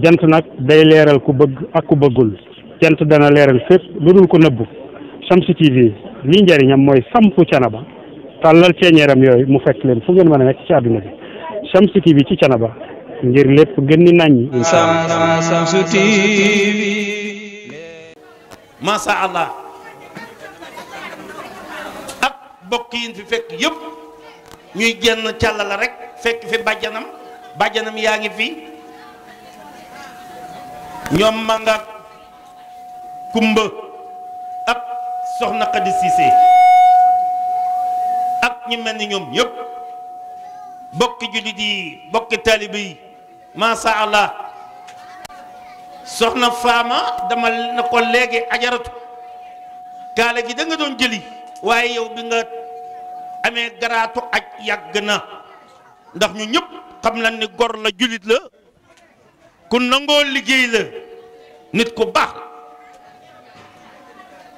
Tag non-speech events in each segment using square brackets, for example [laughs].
jant nag day leeral ku bëgg ak ku bëggul jant dana leeral fépp lu dul ko nëbbu Shamsu TV lii njëriñam mooy sampu canaba tàllal ceeñeeram yooyu mu fekk leen fu ngeen mën a nekk ci àdduna bi Shamsu TV ci canaba ngir lépp gën ni naññi insha allah TV masha allah ak bokk yi fi fekk yëpp ñuy génn càlla rek fekk fi bàjjanam bàjjanam yaa ngi fi ñoom màngaak kumba ak soxna Xadi ak ñi mel ni ñoom ñëpp bokki jullit yi bokki taalibe yi masha soxna faama dama na ko léegi ajaratu kaala ji danga doon jëli waaye yow bi nga amee garaatu aj yàgg na ndax ñu ñëpp xam nañ ni gor la julit la ku nangoo liggéey la nit ku baax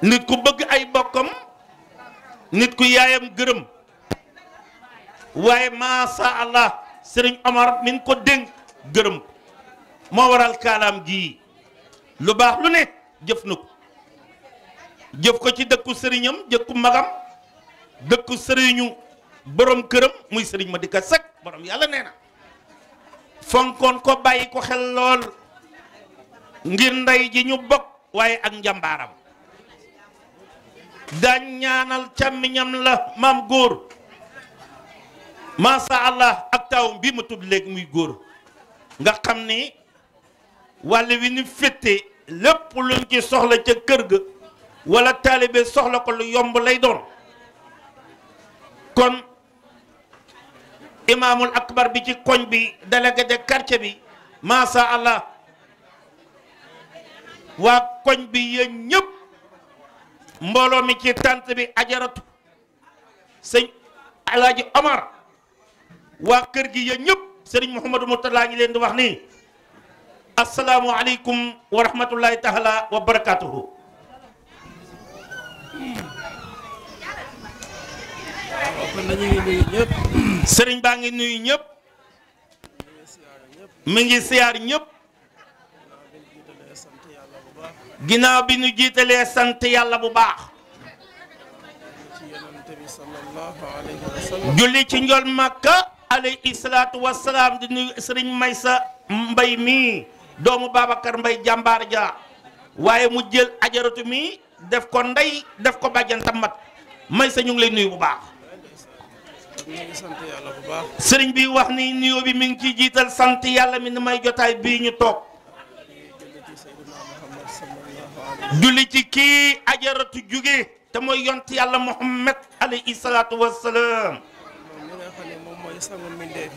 nit ku bëgg ay bokkam nit ku yaayam gërëm waaye maasa allah sëriñ Omar mi ko dénk gërëm ko moo waral kaalaam gii lu baax lu ne jëf na ko jëf ko ci dëkku sëriñam dëkku magam dëkku sëriñu borom këram muy sëriñ ma di ko sëkk borom yàlla nee na fonkoon ko bàyyi ko xel lool ngir ndey ji ñu bokk waaye ak njàmbaaram daañ ñaanal càmmiñam la maam góor masha allah ak taawum bi ma tudd léegi muy góor nga xam ni wàll wi ñu fétte lépp luñ ci soxla ca kër ga wala taalibe soxla ko lu yomb lay doon kon imaamul akbar bi ci koñ bi délégué de bi masha allah waa koñ bi yéen ñëpp mbooloo mi ci tànt bi ajaratu sëñ alaaji Omar waa kër gi yéen ñëpp sëriñ Mouhamadou Mourtada ngi leen di wax nii asalaamualeykum wa rahmatullahi taala wa barakatuhu sëriñ baa ngi mi ngi siyaar ñëpp ginnaaw bi ñu jiitalee sant yàlla bu baax julli ci njol makka alayhi salaatu wasalaam di nuyu sëriñ Mbay mi doomu Babacar Mbay jàmbaar ja waaye mu jël ajaratu mi def ko ndey def ko bàjjan tammat Maysa ñu ngi nuyu bu baax sëriñ bi wax ni nuyoo bi mi ngi ciy jiital sant yàlla mi ni may jotaay bii ñu toog julli ci kii ajaratu jóge te mooy yont yàlla muhammad alayhi salaatu wassalaam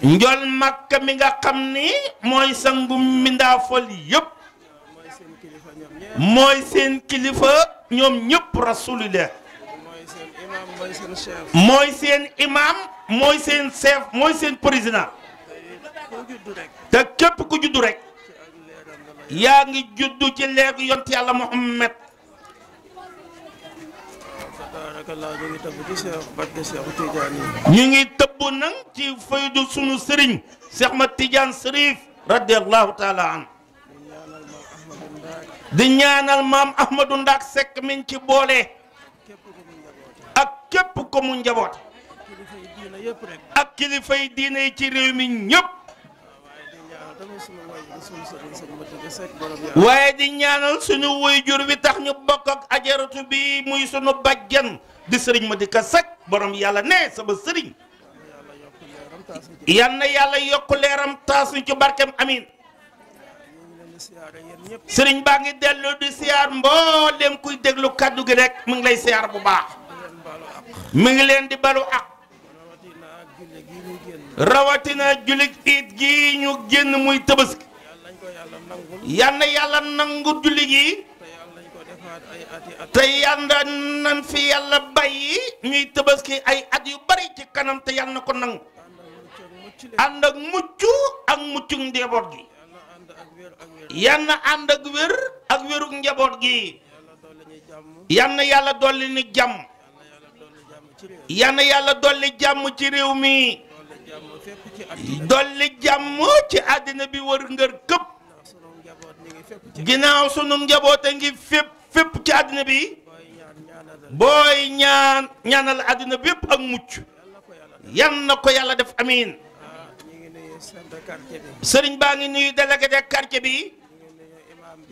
njol makka mi nga xam ni mooy sangu mindaafol yëpp mooy seen kilifa ñoom ñëpp rasulillah mooy seen imam mooy seen chef mooy seen président te képp ku juddu rek yaa ngi juddu ci leegu yont yàlla Muhammad ñu ngi tëbb ci Cheikh Badde ñu ngi tëbb nag ci faydu sunu sëriñ Cheikh ma Tidiane Sërif radiallahu taala an di ñaanal maam Ahmadou Ndaak Seck min ci boole ak képp ko mu njaboot ak kilifay diine yi ci réew mi ñëpp waye di ñaanal suñu wayjur bi tax ñu bokk ak ajaratu bi muy suñu bajjan di sëriñ ma di ka borom yalla ne sama sëriñ yalla yalla yàlla leeram ci barkem amin sëriñ baa ngi dellu di siar mbollem kuy deglu kaddu gi rek mu ngi lay siar bu baax mu ngi leen di balu ak rawatina julik it gi ñu genn muy tabaski yal yàlla nangu julli gi te yàlla nañ fi yàlla bàyyi ñuy tabaski ay at yu bari ci kanam te yàlla na ko nangu ànd ak mucc ak muccu njaboot gi yal na ànd ak wér ak wéruk njaboot gi yal na yàlla dolli ni jàmm yal na yàlla dolli jàmm ci réew mi dolli jàmm ci àddina bi wër ngër këpp ginnaaw sunu njaboot a ngi fépp fépp ci àddina bi booy ñaan ñaanal àddina bépp ak mucc yan ko yàlla def amiin sëriñ baa ngi nuyu délégué de quartier bi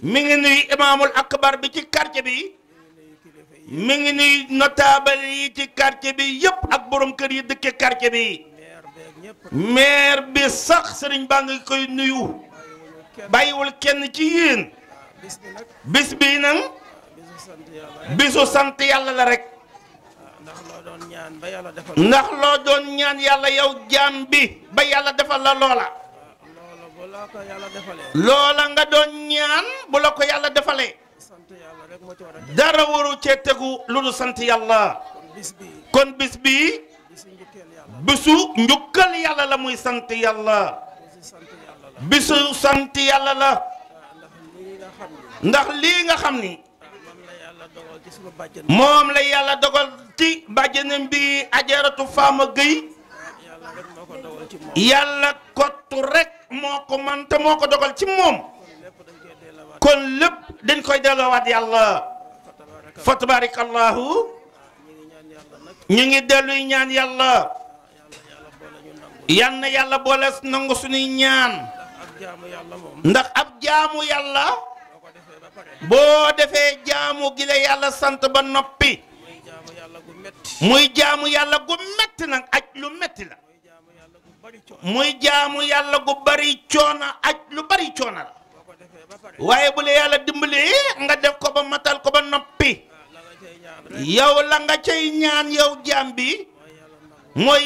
mi ngi nuyu imaamul akbar bi ci quartier bi mi ngi nuyu notable yi ci quartier bi yépp ak borom kër yi dëkke quartier bi maire bi sax sëriñ baa ngi koy nuyu bàyyiwul kenn ci yéen bis bi nag bisu sant yàlla la rek ndax loo doon ñaan ba yàlla defal ndax loo doon ñaan yàlla yow jaam bi ba yàlla defal la loola loola nga doon ñaan bu la ko yàlla defalee dara waru cee tegu lu dul sant yàlla kon bis bi bisu njukkal yàlla la muy sant yàlla bisu sante yalla la ndax li nga xamni mom la yalla dogal ci bàjjenam bi ajaratu faama yalla ko tu rek moko man te moko dogal ci mom kon lepp dañ koy delawat yalla fa tabarakallahu ñu ngi delu ñaan yàlla yal yalla yàlla boole nangu ñaan ndax ab jaamu yàlla boo defee jaamu gila la yàlla sant ba noppi muy jaamu yàlla gu metti nag aj lu metti la muy jaamu yàlla gu bari coona aj lu bari coona la waaye bu la yàlla dimbali nga def ko ba matal ko ba noppi ah, yow la nga cay ñaan yow jaam bi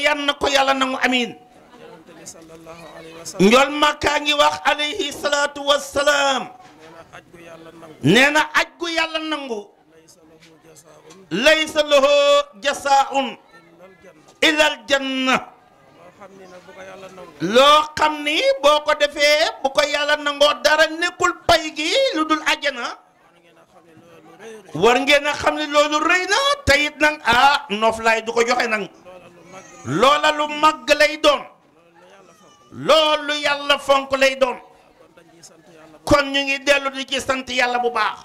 yàlla na ko yàlla nangu amiin njool makkaa ngi wax alayhi salaatu wassalaam nee na aj gu yàlla nangu laysa lahu jasaa'un ilal janna loo xam ni boo ko defee bu ko yàlla nangoo dara nekkul pay gi lu dul ajjana war ngeen xam ne loolu rëy na teyit nag ah noflaay du ko joxe nag loola lu màgg lay doon lolou yàlla fonk lay doon kon ñu ngi delu di ci sant yàlla bu baax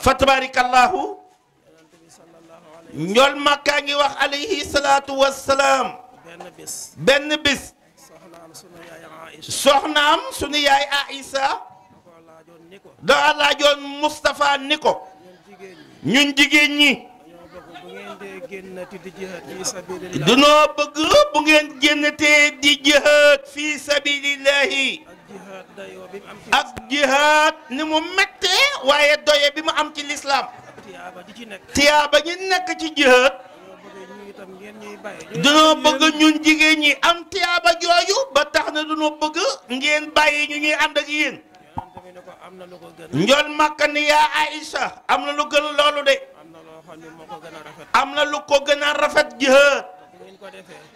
fa tabarakallahu njool màkkaa ngi wax alayhi salatu wassalam ben bis soxnaam sunu yaay Aïssa daa laajoon Moustapha ni ko ñun jigéen ñi dunoo bëgg bu ngeen génnatee di jihaad fii sabilillahi ak jihaad ni mu méttee waaye doye bi mu am ci lislaam tiyaaba ñi nekk ci jihaad dunoo bëgg ñun jigéen ñi am tiyaaba jooju ba tax na dunoo bëgg ngeen bàyyi ñu ñuy ànd ak yéen njool màkka yaa Aïcha am na lu gën loolu de am na lu ko gën a rafet jihaad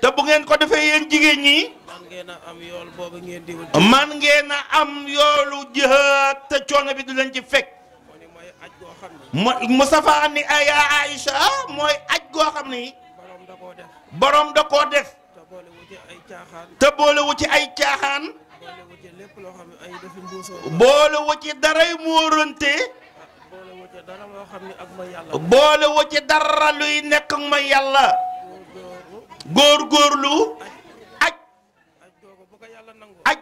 te bu ngeen ko defee yéen jigéen ñi man ngeen a am yool boobu ngeen di wut man a am yoolu jihaad te coono bi du leen ci fekk Mustafa ni ay Aïcha mooy aj goo xam ni borom da koo def borom da koo def te boolewu ci ay caaxaan te boolewu ci ay caaxaan boolewu ci lépp loo xam ne boole wu ci dara luy nekk ma yàlla góor góorlu aj aj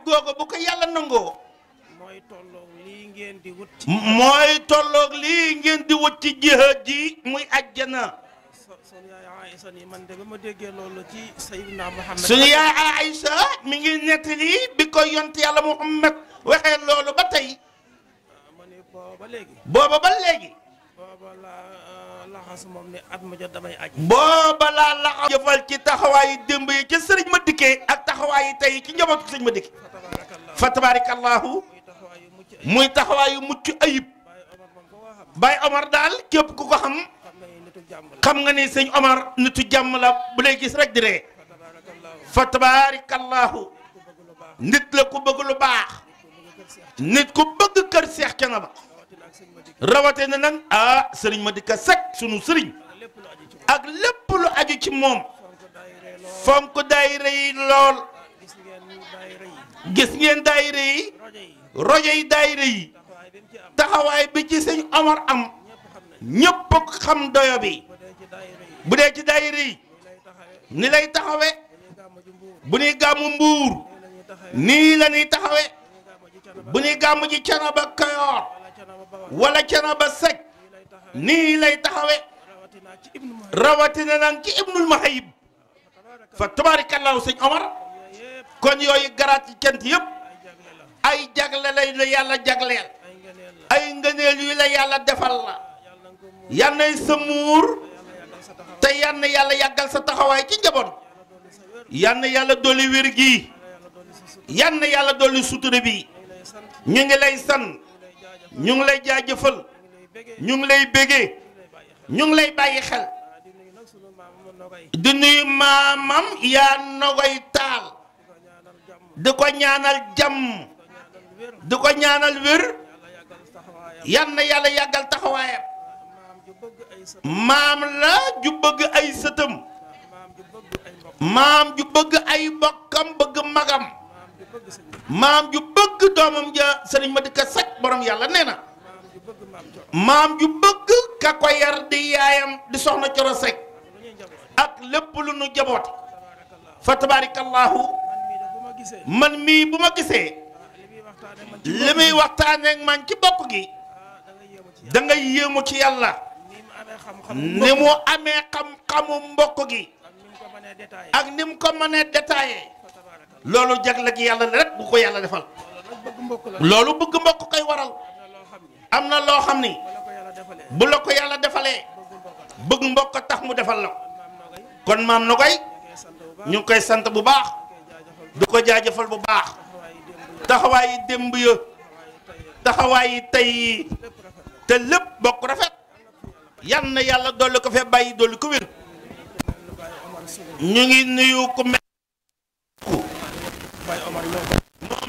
googu bu ko yàlla nangoo mooy tolloog lii ngeen di wut mooy tolloog lii ngeen di wut ci jihaad ji muy ajjana suñu yaay Aïssa ni man de ba ma déggee loolu ci Sayyidina Muhammad suñu yaay Aïssa mi ngi nettali bi ko yont yàlla Muhammad waxee loolu ba tey booba ba léegi. booba ba léegi. booba laa euh, laxas moom ni at mu jot damay aji. booba laa laxas. jëfal ci taxawaayu démb yi ci sëriñ ma dikkee ak taxawaayu tey ci njabootu sëriñ ma dikkee. fa tabaarakallaahu muy taxawaayu mucc ayib. Baye Omar daal képp ku ko xam. xam nga ni sëñ Omar nitu jàmm la bu lay gis rek di ree. fa tabaarakallaahu nit la ku bëgg lu baax. nit ku bëgg kër Seex ba rawate na nan ah sëriñ Madika Seck sunu sëriñ ak lépp lu aju ci moom fonk daayira yi lool gis ngeen daayira yi rojo yi daayira yi taxawaay bi ci sëñ Omar am ñëpp xam doyo bi bu dee ci daayira yi ni lay taxawe bu ñuy gàmmu mbuur nii la taxawe bu ñuy gàmmu ci Canaba Kayoor wala Canaba Seck nii lay taxawee rawatina nag ci Ibnul Mahayib fa tabaarakallaahu sëñ Omar kon yooyu garaat ci cant yëpp ay jagle lay la yàlla jagleel ay ngëneel yu la yàlla defal la yal nay sa muur te yal na yàlla yàggal sa taxawaay ci njaboot yal na yàlla dolli wér gi yal na yàlla dolli sutura bi ñu ngi lay san ñu ngi lay jaajëfal ñu ngi lay bégee ñu ngi lay bàyyi xel di nuyu maamam yaa nogoy taal di ko ñaanal jàmm di ko ñaanal wér yan na yàlla yàggal taxawaayam maam la ju bëgg ay sëtam maam ju bëgg ay mbokkam bëgg magam maam ju bëgg doomam ja sëriñ ma dikka saj boroom yàlla nee na maam ju bëgg ka ko yar di yaayam di soxna coro sek ak lépp lu nu jaboot fa tabarakallahu man mii bu ma gisee li muy waxtaaneeg man ci bokk gi da nga yéemu ci yàlla ni mu amee xam-xamu mbokk gi ak ni mu ko mënee détaillé loolu jagleeg yàlla rek bu ko yàlla defal. loolu bëgg mbokk koy waral. am na loo xam ni. bu la ko yàlla defalee. bëgg mbokk a tax mu defal la ko. kon maam Nogay. ñu ngi koy sant bu baax. du ko jaajëfal bu baax. taxawaay taxawaayi démb ya. taxawaayi tey yi. te lépp bokk rafet. yan na yàlla dolli ko fee bàyyi dolli ko wér. ñu ngi nuyu ku mel moom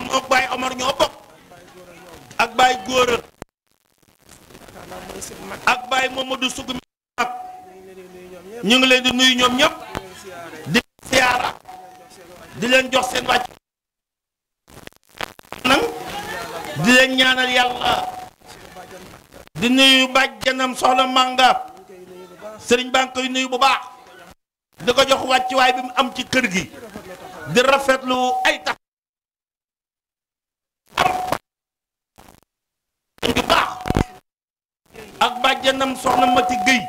mook Baye Omar ñoo bokk ak Baye Góora ak Baye Momadou Sougou mi mag ñu ngi leen di nuyu ñoom ñëpp di siyaara di leen jox seen wàcc di leen ñaanal yàlla di nuyu bàjjanam soxna mànga sëriñ baa ngi koy nuyu bu baax di ko jox wàccuwaay bi mu am ci kër gi di rafetlu ay tax yu baax ak bàjjanam soxna Mati Guèye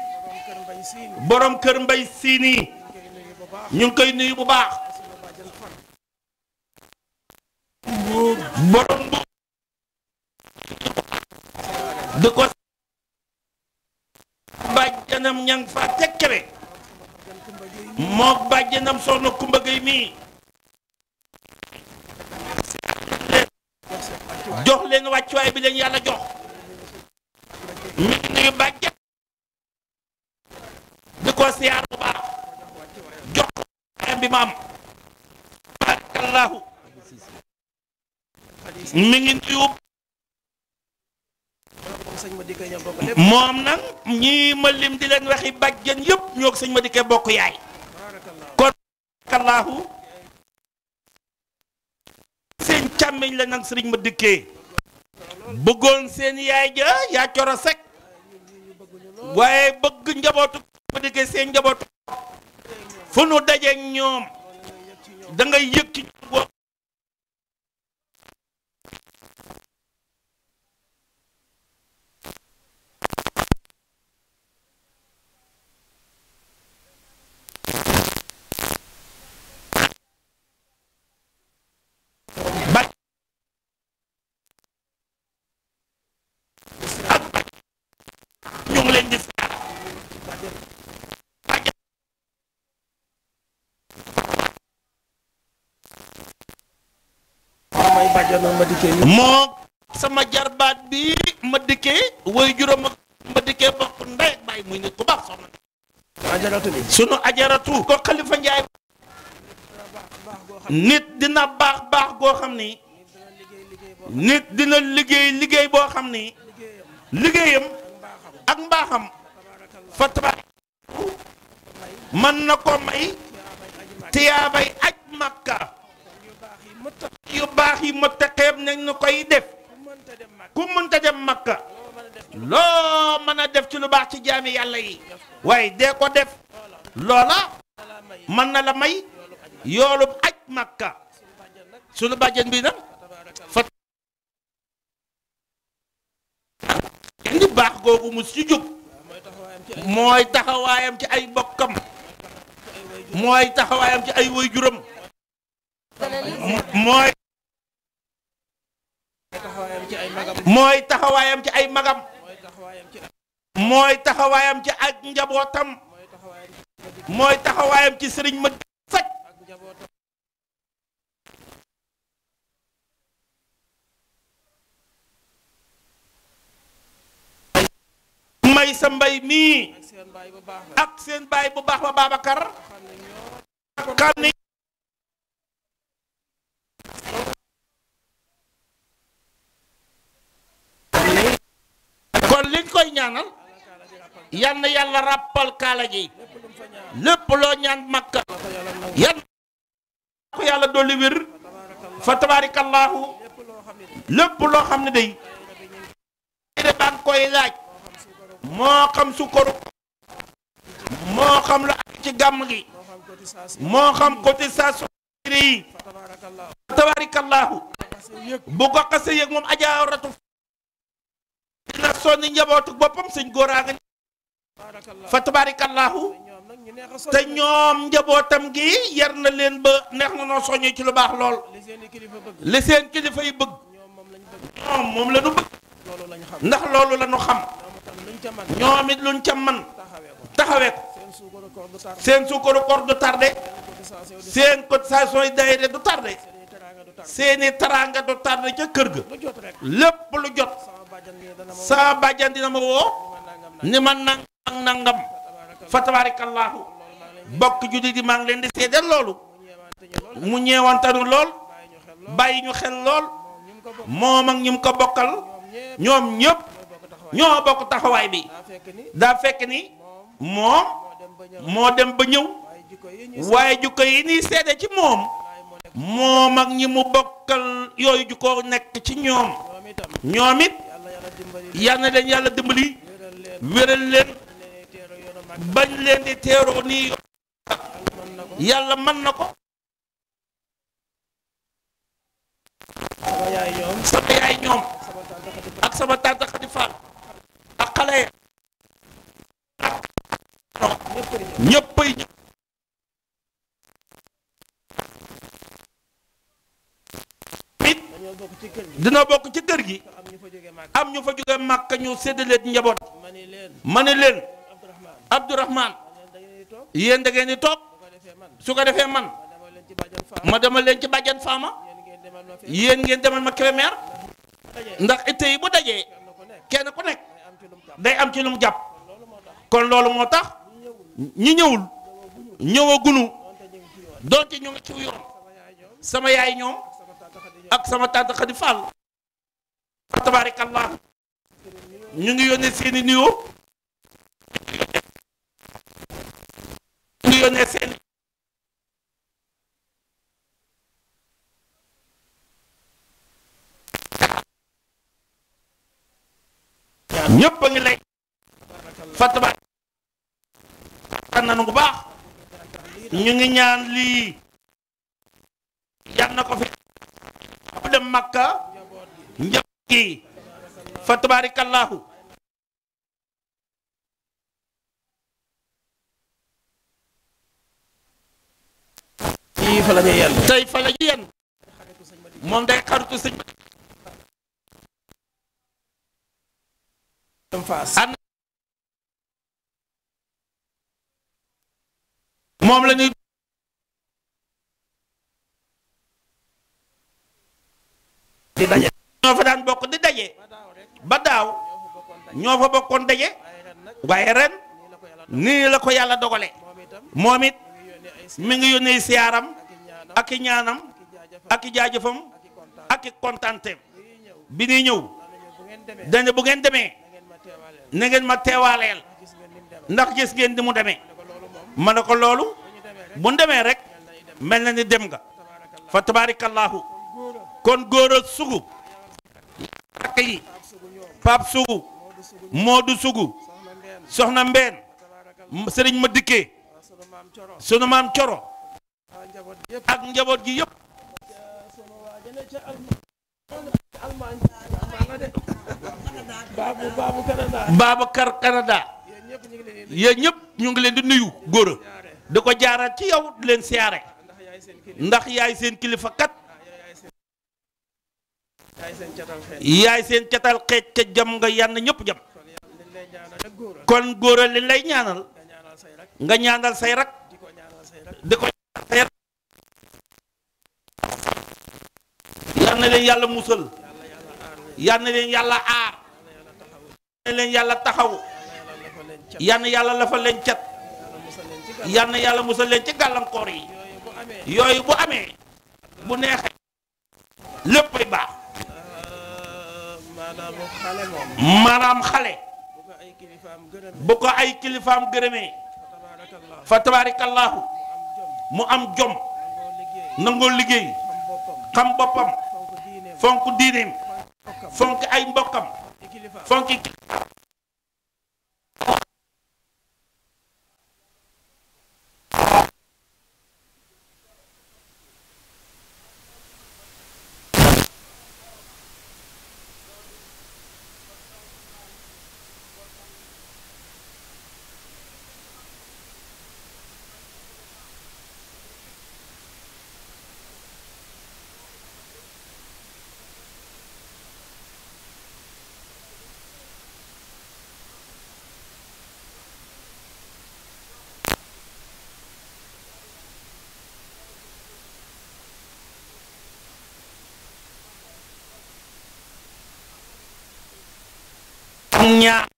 boroom kër mbay siini ñu ngi koy nuyu bu baax borom bu di ko bàjjanam ñang fa tekkere moo bàjjanam soxna Kumba Guèye mii jox leen wàccuwaay bi leen yàlla jox mi ngi nuyu bàjjat di ko siyaar bu baax jox wàccuwaayam bi maam barakallahu mi ngi nuyu moom nag ñii ma lim di leen waxi bàjjan yëpp ñoo ko ma dikkee bokk yaay kon barakallahu càmmeñ la nak serigne ma dikkee bëggoon sen yaay ja ya cioro sek waye beug njabotu ma dikkee sen njabotu fu nu dajje ak ñom da ngay yëg ci ñoom moo sama jarbaat bi ma dikkee woy juróom ak baay muy ajaratu bi sunu ajaratu ko xalifa njaay nit dina baax baax goo xam ni nit dina liggéey liggéey boo xam ni liggéeyam ak mbaaxam fa tabaar mën na ko may tiyaabay aj makka yu baax yi ma taqeeb nañ ñu koy def ku mënta dem makka loo mën a def ci lu baax ci jaami yàlla yi waaye dee ko def loola mën na la may yoolub aj makka sunu bàjjen bi nag fa indi baax googu mu si jóg mooy taxawaayam ci ay mbokkam mooy taxawaayam ci ay waajuram mooy. mooy taxawaayam ci ay magam. mooy taxawaayam ci ak njabootam. mooy taxawaayam ci sëriñ ma saj may sa mbay mii ak seen baay bu baax ba Babacar xam ni kon liñ koy ñaanal yal na yàlla ràppal kaala gi lépp loo ñaan makka yan yàlla dolli wér fa tabaarakallaahu lépp loo xam ne day daan koy laaj moo xam sukkaru moo xam la ak ci gàmm gi moo xam cotisation yi tabaarakallaahu bu ko xase yëg moom ajaaratu dina njabootu boppam sëñ góoraa nga fa tabaarakallaahu te ñoom njabootam gi yar na leen ba neex na noo soññee ci lu baax lool li seen kilifa yi bëgg ñoom moom la ñu bëgg ndax loolu la ñu xam ñoom it luñ ca man taxawee ko seen suukaru koor du seen cotisation yi daayira du tardé seeni teraanga du tardé ci kër ga lepp lu jot sa bàjjan dina ma wo ni ma nang nangam fa bok bokk di mang len di sédel lolou mu ñeewantanu lol bayi ñu xel lol mom ak ñum ko bokal ñom ñep ño bok taxaway bi da fekk ni mom mo dem ba ñew waaye jukko yi nii seede ci moom moom ak ñi mu bokkal yooyu jukko nekk ci ñoom ñoom it leen yàlla dimbali wéral leen bañ leen di teeroo nii yàlla mën na ko sama yaay ñoom ak sama tànta Xadi ak xale ya ñëppay ñëpp dina bokk ci kër gi am ñu fa jóge màkk ñu séddaleet njaboot ma ne leen Abdourahman yéen da ngeen di toog su ko defee man ma demal leen ci bàjjan faama yéen ngeen demal ma Kébémer ndax itte yi bu dajee kenn ku nekk day am ci lu mu jàpp kon loolu moo tax ñi ñëwul ñëwagunu doonte ñu ngi ci yoon sama yaay ñoom ak sama tante Khady Fall tabarakallah ñu ngi yónnee seeni nuyoo ñu ngi yónnee seeni ñëpp a ngi lay fataba nanu bu baax ñu ngi ñaan lii yal na ko fi dem Makka njaboot gi fa tabarakallahu tey fa la ñuy yenn tey fa la ñuy yenn moom day xaritu sëñ moom la ñuy di daje ñoo fa daan bokk di daje ba daaw ñoo fa bokkoon daje waaye ren nii la ko yàlla dogale moom it mi ngi yónnee siyaaram ak i ñaanam ak i jaajafam ak i kontaanteem bi ñuy ñëw dañ bu ngeen demee na ngeen ma teewaaleel ndax gis ngeen di mu demee ma ne ko loolu bu demee rek mel na ni dem nga fa tabaarakallaahu kon góor a sugu rakk yi Pape Sugu Modou Sugu soxna Mbeen sëriñ ma dikkee sunu maam Coro ak njaboot gi yëpp Babacar Canada yéen ñëpp ñu ngi leen di nuyu góor a di ko jaaral ci yow leen siyaare ndax yaay seen kilifa kat yaay seen catal xeej te jam nga yànn ñëpp jam kon góor a li lay ñaanal nga ñaanal say rak di ko ñaanal say rak yal na yàlla musal yal yàlla aar yal yàlla taxaw yal na yàlla lafa leen cat yal yàlla musal leen ci gàllankoor yi yooyu bu amee bu neexee léppay baax maanaam xale. bu ko ay kilifaam gërëmee. fa tabaarakallaahu mu am jom. nangoo liggéey. xam boppam. fonk diineem. fonk ay mbokkam. fonk ñaar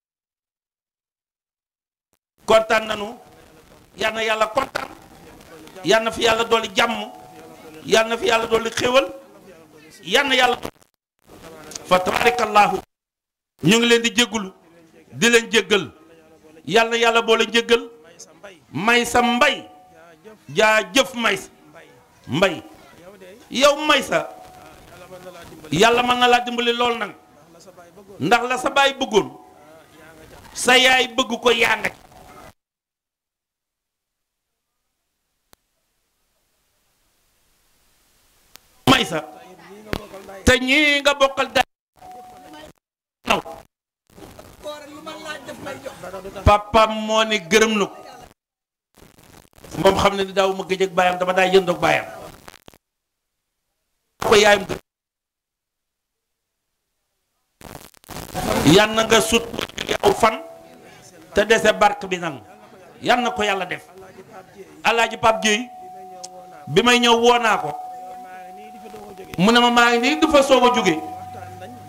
kontaan nañu yal yàlla kontaan fi yàlla dolli jàmm fi yàlla dolli xéwal yal ñu ngi leen di jéggulu di leen jéggal yàlla na yàlla boo leen jéggal may mbay jaa jëf may mbay yow may sa yàlla mën na laa dimbali lool nag ndax la sa baay bëggoon sa yaay bëgg ko yaa nga ci may te ñii nga bokkal day naw moo ne gërëm na moom xam ne ni daaw ma gëj ak baayam dama daa yëndoog baayam ko nga sut aw fan te dese barke bi nag yal na ko yàlla def alaaji Pape Dieye bi may ñëw woo naa ko mu ne ma maa ngi nii du fa soog a jóge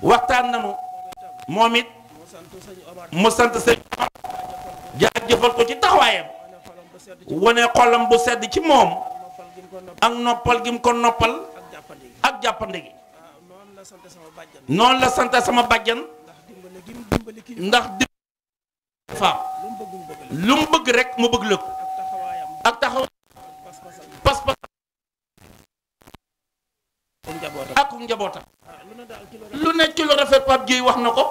waxtaan nanu moom it mu sant sëñ jaajëfal ko ci taxawaayam wane xolam bu sedd ci moom ak noppal gi mu ko noppal ak jàppande gi noonu la sant sama bàjjan ndax faam lu mu bëgg rek mu bëgg la ko ak taxaw pas-pas ak njabootam lu ne ci lu rafet Pape Gueye wax na ko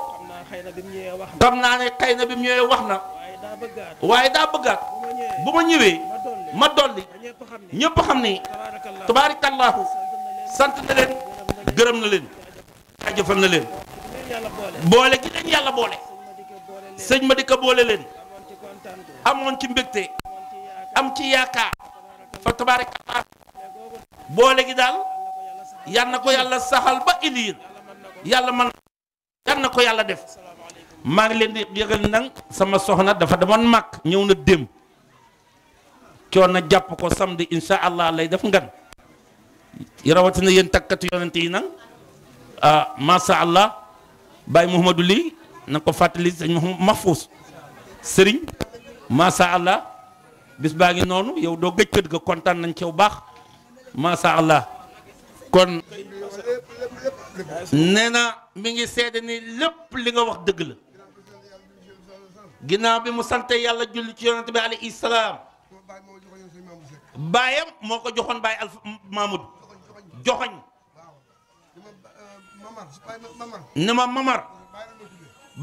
xam naa ne xëy na bi mu ñëwee wax na waaye daa bëggaat bu ma ñëwee ma dolli ñëpp xam ni tabaarakallaahu sant na leen gërëm na leen ajëfal na leen boole gi leen yàlla boole sëñ ma di boole leen amoon ci mbégte am ci yaakaar fa tabaarakallah boole gi daal yal na ko yàlla saxal ba iliir yàlla man yal na ko yàlla def maa ngi leen di yëgal nag sama soxna dafa demoon màkk ñëw na démb coon na jàpp ko samedi insha allah lay def ngan rawatina yéen takkatu yonent yi nag ah, masha allah Baye Mouhamadou lii na nga ko fàttali sëñ Mahfouz sëriñ macha allah bis baa ngi noonu yow doo gëj kër ga kontaan nañ ci bu baax macha allah kon nee na mi ngi seede ni lépp li nga wax dëgg la ginnaaw bi mu sante yàlla julli ci yonent bi alayhi salaam baayam moo ko joxoon baay Alfa Mahmoud joxoñ ne euh, ma mamar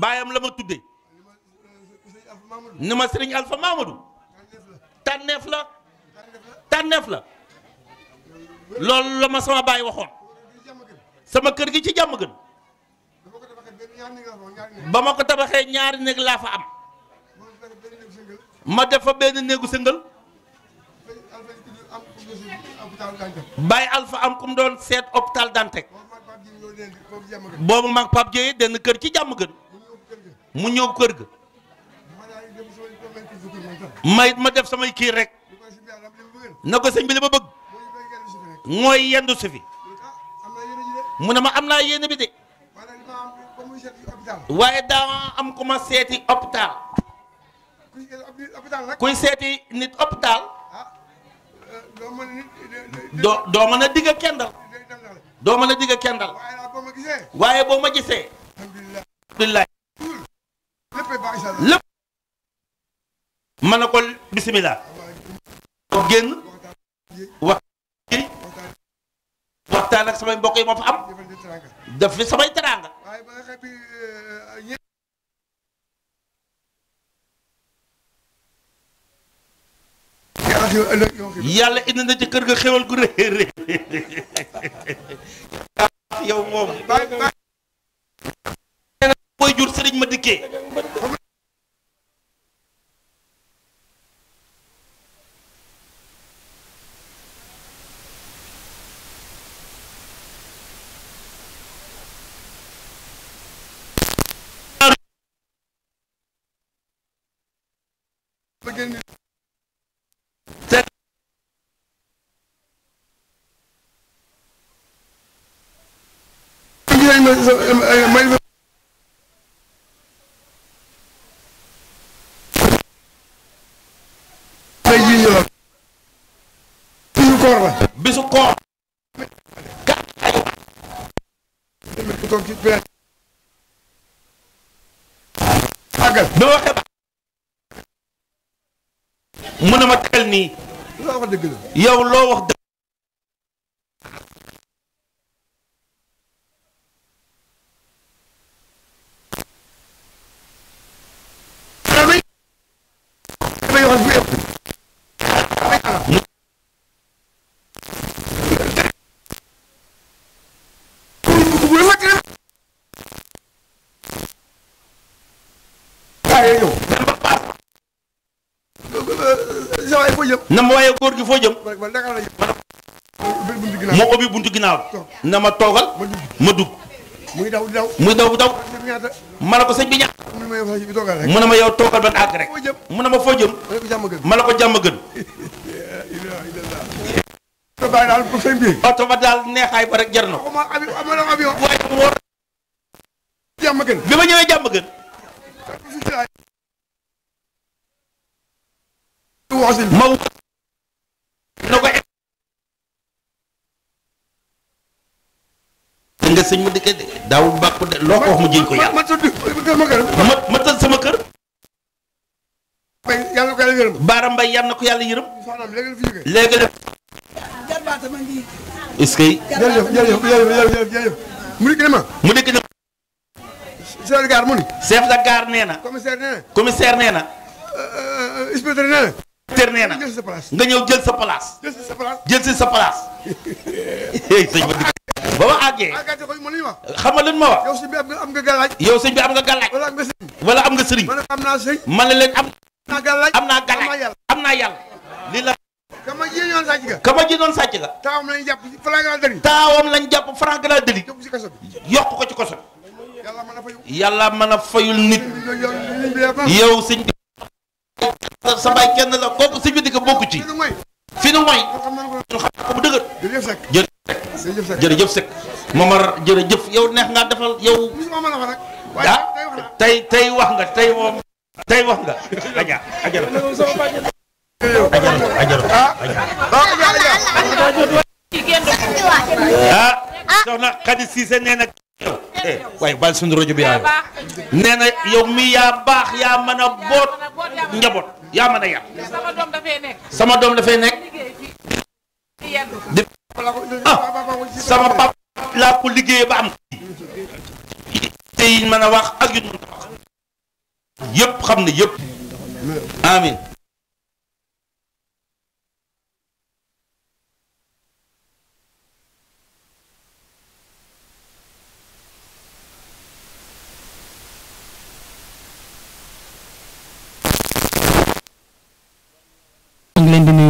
baayam la ma tuddee ni ma sëriñ alfa maamadu tànneef la tànneef la loolu la ma sama baay waxoon sama kër gi ci jàmm gën ba ma ko tabaxee ñaari néeg laa fa am ma def fa benn néegu sëngal bàyyi alfa am kum doon seet hôpital Dantec boobu mag Pape Dieye denn kër ci jàmm gën mu ñëw kër ga may ma def samay kii rek na ko sëñ bi li ma bëgg mooy yendu si fi mu ne ma am naa yéene bi de waaye daa am ku ma seeti hôpital kuy seeti nit hôpital doo na mën a digg kendal doo mën a digg kendal waaye boo ma gisee alhamdulilah lépp mën na ko bisimilah génn waxtaan ak samay mbokk yi ma fa am def fi samay teraanga yàlla indi na ci kër ga xéwal gu rëy rëy [laughs] yow moom koy jur sëriñ ma dikkee koor la bisu koor màggal bi waxe ba mu ne ma tegal nii yow loo wax góor gi foo jëm. moo ko bi buntu ginnaaw na ma toogal ma dugg. muy daw daw muy daw daw ma ne ko sëñ bi ñaata mu ne ma yow toogal ba àgg rek mu ne ma foo jëm ma ne ko jàmm gën. oto ba daal pour sëñ bi. oto ba daal neexaay ba rek jar na ma ñëwee jàmm gën. na ko da nga sëñ ma dëkk daawul bàkku de loo ko wax mu jiñ ko yàlla ma tëdd sama kër baara mbay yàlla na ko yàlla yërëm léegi la est-ce mu dikk ne mu dikk ne chef de gare mu ni de gare nee na commissaire nee na ter nee na nga ñëw jël sa place jël si sa place [laughs] ba ma àggee ah, xam nga lan ma wax yow sëñ bi am nga am nga gàllaaj yow sëñ bi am nga gàllaaj wala am nga sëriñ ma ne leen am naa gàllaaj am naa gàllaaj am naa yàlla li la kama ji doon sàcc ga kama ji doon sàcc ga taawam lañ jàpp flagrant délit taawam lañ jàpp flagrant yokk ko ci koso bi yàlla ma na fayul nit yow sëñ sa baay kenn la kooku sëñ bi di ko bokk ci fi nu mooy ñu xam ko bu dëgër jërëjëf Seck jërëjëf Seck Momar jërëjëf yow neex ngaa defal yow ah tey tey wax nga tey moom tey wax nga aja aja ah, ah soxna Khady Cissé nee na Eh, waaye bal rajo bi yaa nee na yow mi yaa baax yaa mën a boot njaboot yaa mën a yar sama doom dafay nekk ah sama pap laa ko liggéeyee ba am te yi mën a wax ak yu mën a wax yëpp xam ne yëpp amin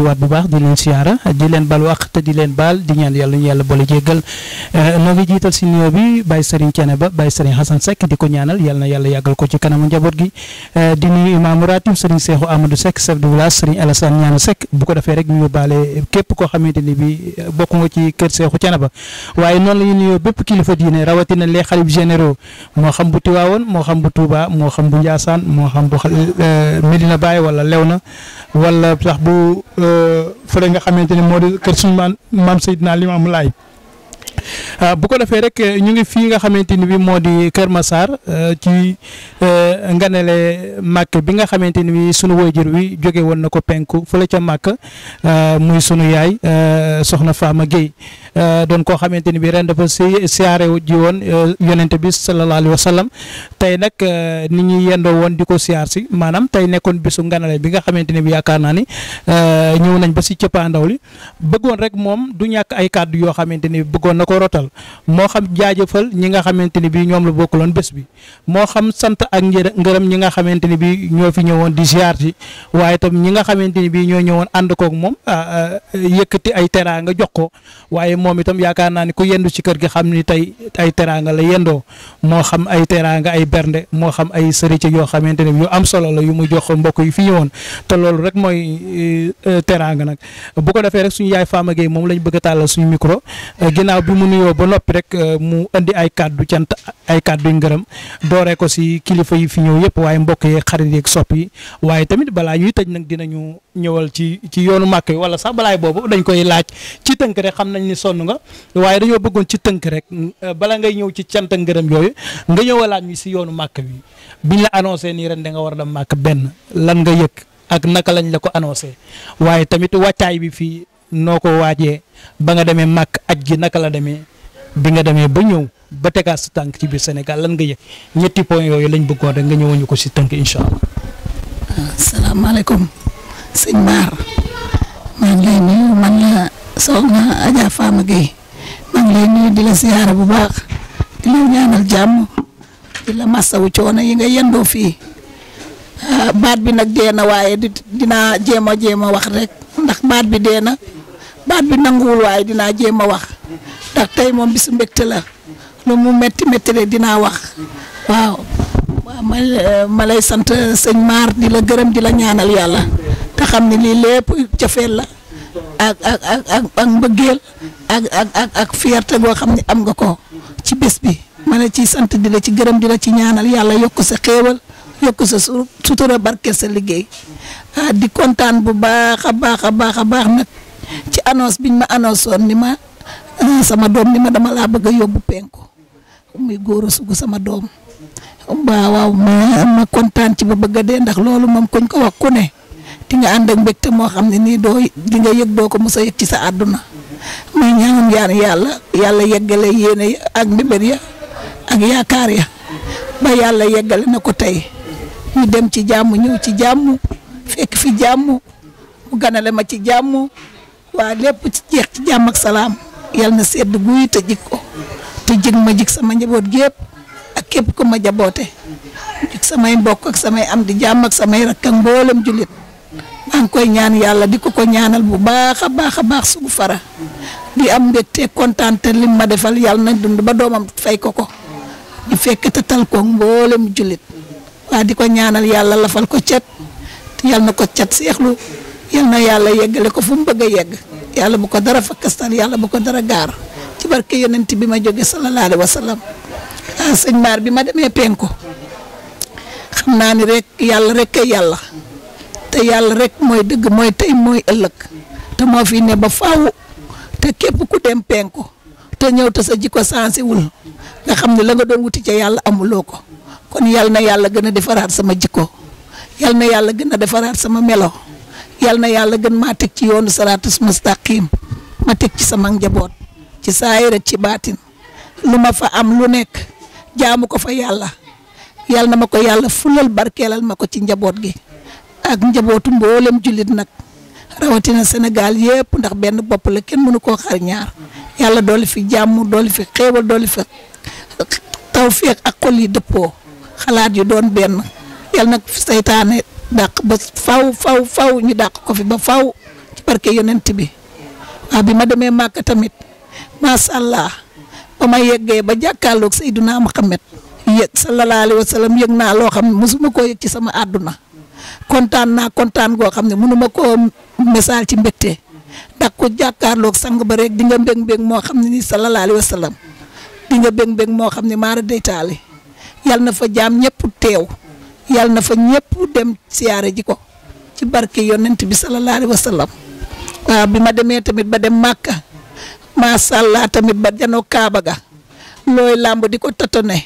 nuyuwaat bu baax di leen siyaara di leen bal wax te di leen baal di ñaan yàlla ñu yàlla boole jéggal eh, noo ngi jiital si nuyoo bi Baye Serigne Thiéne ba Baye Serigne Hassan di ko ñaanal yàlla yàggal ko ci kanamu njaboot gi eh, di nuyu imaamu ratib Serigne Cheikhou Amadou Seck chef de village Serigne Alassane bu ko defee rek ñu yóbbaale képp koo xamante ni bi bokk nga ci kër Cheikhou Thiéne ba waaye noonu la ñu nuyoo bépp kilifa diine rawatina les xalif généraux moo xam bu Tiwaawoon moo xam bu Touba moo xam bu Ndiassane moo xam bu eh, Medina Baye wala Léona wala sax fële nga xamante ne moo di kër suñu maam maam Seydina Limaamu Laay ah, bu ko defee rek ñu ngi fii nga xamante ni bi moo di Kër masaar ah, ci ah, nga nele màkk bi nga xamante ni bi sunu waajur wi jóge woon na ko penku fële ca màkk muy sunu yaay soxna Fama Gueye don ko xamanteni ni bi ren dafa siaré wu ji won yonente bi sallallahu alayhi wasallam tay nak ni ñi yendo won di ko ci manam tay nekkon bisu nganalé bi nga xamanteni bi yakarna ni euh ñew nañ ba ci cëppaandaw li bëggon rek mom du ñak ay cadeau yo xamanteni bëggon nako rotal mo xam jaajeufal ñi nga xamanteni bi ñom la bokkulon bes bi mo xam sante ak ngeeram ñi nga xamanteni bi ñoo fi ñewon di siar ci waye tam ñi nga xamanteni ni bi ñoo and ko ak mom yëkkati ay teraanga jox ko waye mom itam yakarna ni ku yendu ci kër gi xam ni ay teranga la yendo mo xam ay teranga ay bernde mo xam ay sëricë yoo xamante ne yu am solo la yu mu jox mbok yi fi ñewon te lolu rek moy e, e, teranga nak bu ko defé rek suñu yaay Fama Gueye mom lañu bëgg talal suñu micro e, ginaaw bi mu nuyo ba nopi rek mu andi ay kàddu cant ay kàddu ngërëm dooree ko ci kilifa yi fi ñew yëpp waye mbok yi xarit yi ak sopp yi waaye tamit bala ñuy tej nak dinañu ñewal ci ci yoonu màkk wala sax balaay bobu dañ koy laaj ci teunk rek xam nañ ni son sonn nga waye dañu bëggoon ci teunk rek euh, bala ngay ñëw ci cant ak yoy yooyu nga ñëwalaat ñu ci yoonu makk bi biñ la annoncé ni ren da nga wara a ben lan nga yëg ak naka lañ la ko annoncé waye tamit waccay bi fi noko wajé ba nga démé makk aj gi naka la démé bi nga démé ba ñëw ba tegaat su tank ci bi Sénégal lan nga yëg ñetti point yoy lañ bëggoon rek nga ñëwoon ñuko ci teunk inshallah assalamu alaykum Mar lay nuyu man la soxna aja Fama ge maa ngi nuyu di la siyaara bu baax di la ñaanal jàmm di la masawu coono iya yi nga ah, yendoo fii baat bi nag dee na waaye di dinaa jéem a jéem a wax rek ndax baat bi dee na baat bi nanguwul waaye dinaa jéem a wax ndax tey moom bisu mbégte la lu mu metti metti rek dinaa wax waaw. ma ma lay sant sëñ Maar di la gërëm di la ñaanal yàlla te xam ne lii lépp la. ak ak ak ak ak mbëggeel ak ak ak ak boo xam ne am nga ko ci bés bi ma ne ci sant di ci gërëm di ci ñaanal yàlla yokk sa xéewal yokk sa sutura barke sa liggéey ah di kontaan bu baax a baax a baax a baax nag ci annonce biñ ma anoos woon ni ma ah, sama doom ni ma dama la bëgg a yóbbu penku muy góor sugu sama doom waaw waaw ma kontaan ci ba bëgg a dee ndax loolu moom kuñ ko wax ku ki nga and ak mbekté mo xamné ni do doo li nga yegg doo musa yegg ci sa aduna muy ñaanam yaan yàlla yàlla yeggale yene ya ak ndimbal ya ak yaakar ya ba yeggale na ko tey ñu dem ci jàmm ñu ci jàmm fekk fi jamu mu ganale ma ci jàmm wa lepp ci jeex ci jàmm ak salam, yàlla na sedd guy te jig ko te jik ma jik sama njabot gep ak kep ko ma jabote jik sama mbokk ak sama am di jàmm ak sama rakk ak julit maa koy ñaan yàlla di ko ko ñaanal bu baax a baax a baax sugu fara di am mbégte kontaan te lim ma defal yàlla nañ dund ba doomam fay ko ko di fekk te tal ko mboolem jullit waa di ko ñaanal yàlla lafal ko cet yàlla na ko cet seexlu yàlla na yàlla yeggale ko fu mu bëgg a yegg yàlla bu ko dara fakkastal yàlla bu ko dara gaar ci barke yonent bi ma jóge sallallahu alayhi wa sallam ah sëñ maar bi ma demee penko xam naa ni rek yàlla rek kay yàlla. te yàlla rek mooy dëgg mooy tey mooy ëllëg te moo fi ne ba faaw te képp ku dem penku te ñëw te sa jikko sensiwul nga xam ne la nga doon wuti ca yàlla amuloo ko kon yàlla na yàlla gën a defaraat sama jikko yàlla na yàlla gën a defaraat sama melo yàlla na yàlla gën maa teg ci yoonu saraatus mustaqim ma teg ci sama njaboot ci saayir ak ci baatin lu ma fa am lu nekk jaamu ko fa yàlla yàlla na ma ko yàlla fulal barkeelal ma ko ci njaboot gi ak njabootu mboolem jullit nak rawatina senegal yep ndax ben bop la ken munu ko xar ñaar yalla doli fi jamm doli fi xéewal doli fi tawfiq ak ko li depo xalaat yu fau ben yalla nak seytaane dak ba faw faw faw ñu dak ko fi ba faw ci barke yonent bi wa bi ma demee tamit sha allah ba ma ba jakkalok sayyiduna Muhammad yëg sallallahu alayhi yëg naa loo xam ne mosuma koo yëg ci sama àdduna kontaan naa kontaan goo xam ne mënuma koo message ci mbégte ndax ku jàkkaarloog sang ba rek di nga mbég moo xam ne nii sallallahu alayhi wa sallam nga mbég moo xam ne maara deytaale yal na fa jaam ñëpp teew yal na fa ñëpp dem siyaare ji ko ci barke yonent bi sallallahu alayhi wa waaw bi ma demee tamit ba dem Màkka maa sàllaa tamit ba janoo Kaaba ga looy làmb di ko tatane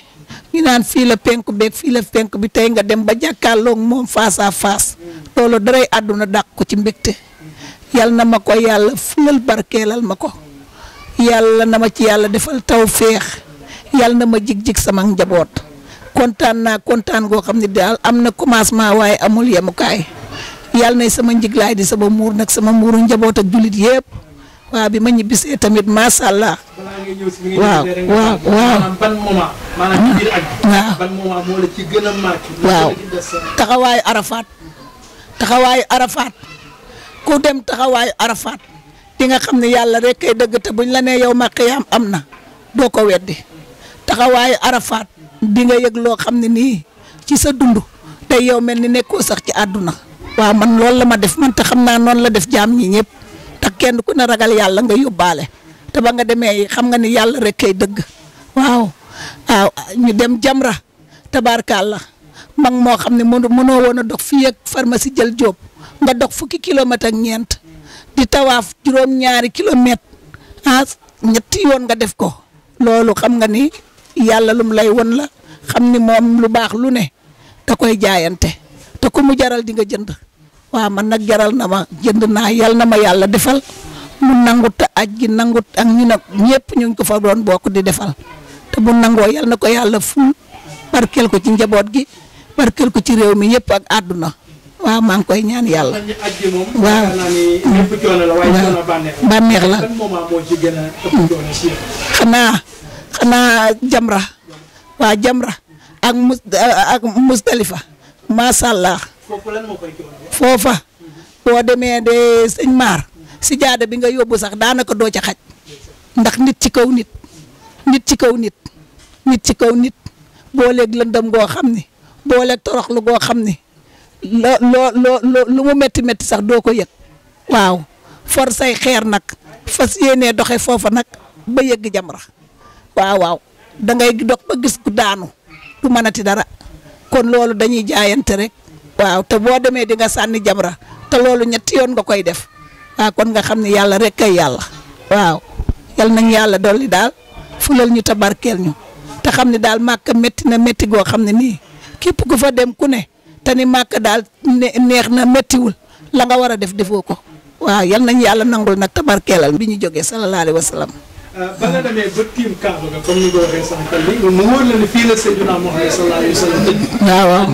ñu naan fii la penk beeg fii la penk bi tey nga dem ba jàkkaarloog moom face à face loolu daray àdduna dàq ko ci mbégte yàlla na ma ko yàlla fulal barkeelal ma ko yàlla na ma ci yàlla defal taw féex yàlla na ma jig-jig sama njaboot kontaan naa kontaan goo xam ne daal am na commencement waaye amul yemukaay yàlla na sama njiglaay di sama muur nag sama muuru njaboot ak jullit yépp wa bi ma e tamit sha allah. wa wa wa ban moma manam ci bir ak. ban moma mo la ci gëna marki wa taxaway Arafat. taxaway Arafat. ku dem taxaway Arafat. di nga xam yalla rek kay deug te buñ la nee yow ma xiyaam am na weddi Arafat di nga yegg lo xam ni ci sa dund te yow melni ni sax ci aduna wa man lool la ma def man te xamna non la def jam ñi ñëpp. tax kenn ku ne ragal yàlla nga yóbbaale te ba nga demee xam nga ni yàlla rek kay dëgg waaw waaw ñu dem jamra tabaarkàlla mag moo xam ne moo mënoo woon a dox fii ak pharmacie jël jóob nga dog fukki kilomètre ak ñeent di tawaaf juróom-ñaari kilomètre ah ñetti yoon nga def ko loolu xam nga ni yàlla lum lay won la xam ni moom lu baax lu ne ta koy jaayante te ku jaral di nga jënd waaw man nag jaral na ma jënd naa yal na ma yàlla defal mu nangut aj gi nangut ak ñu nag ñëpp ñu ngi ko fa doon bokk di defal te bu nangoo yal na ko yàlla ful barkeel ko ci njaboot gi barkeel ko ci réew mi yëpp ak àdduna waaw maa ngi koy ñaan yàlla. waaw waaw bànneex la. Mm. xanaa xanaa jamra waa jamra ak mus ak mustalifa macha foofu moo koy foofa boo demee de sëñ maar si jaada bi nga yóbbu sax daanaka doo ca xaj ndax nit ci kaw nit nit ci kaw nit nit ci kaw nit booleeg lëndëm goo xam ne booleeg toroxlu goo xam ne loo loo loo lu mu métti métti sax doo ko yëg waaw for say xeer nag fas yéenee doxe foofa nag ba yëgg jamra waaw waaw da ngay dox ba gis ku daanu du mënati dara kon loolu dañuy jaayante rek. waaw te boo demee di nga sànni jamra te loolu ñetti yoon nga koy def waaw kon nga xam ne yàlla rek kay yàlla waaw yal nañ yàlla dolli daal fulal ñu tabarkeel ñu te xam ne daal màkk métti na métti goo xam ne nii képp ku fa dem ku ne te ni màkk daal neex na méttiwul la nga war a def defoo ko waaw yal nañ yàlla nangul nag tabarkeelal bi ñu jógee sallallahu alayhi wa sallam Euh, ba nga demee ba tiim Kaaba ga ko waxee sànq léegi mu wóor la dama euh, ba